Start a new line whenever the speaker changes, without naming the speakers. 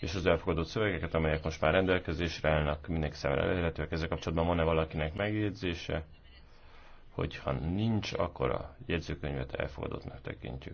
és az elfogadott szövegeket, amelyek most már rendelkezésre állnak, mindenki számára elérhetőek. Ezzel kapcsolatban van-e valakinek megjegyzése? Hogyha nincs, akkor a
jegyzőkönyvet elfogadottnak tekintjük.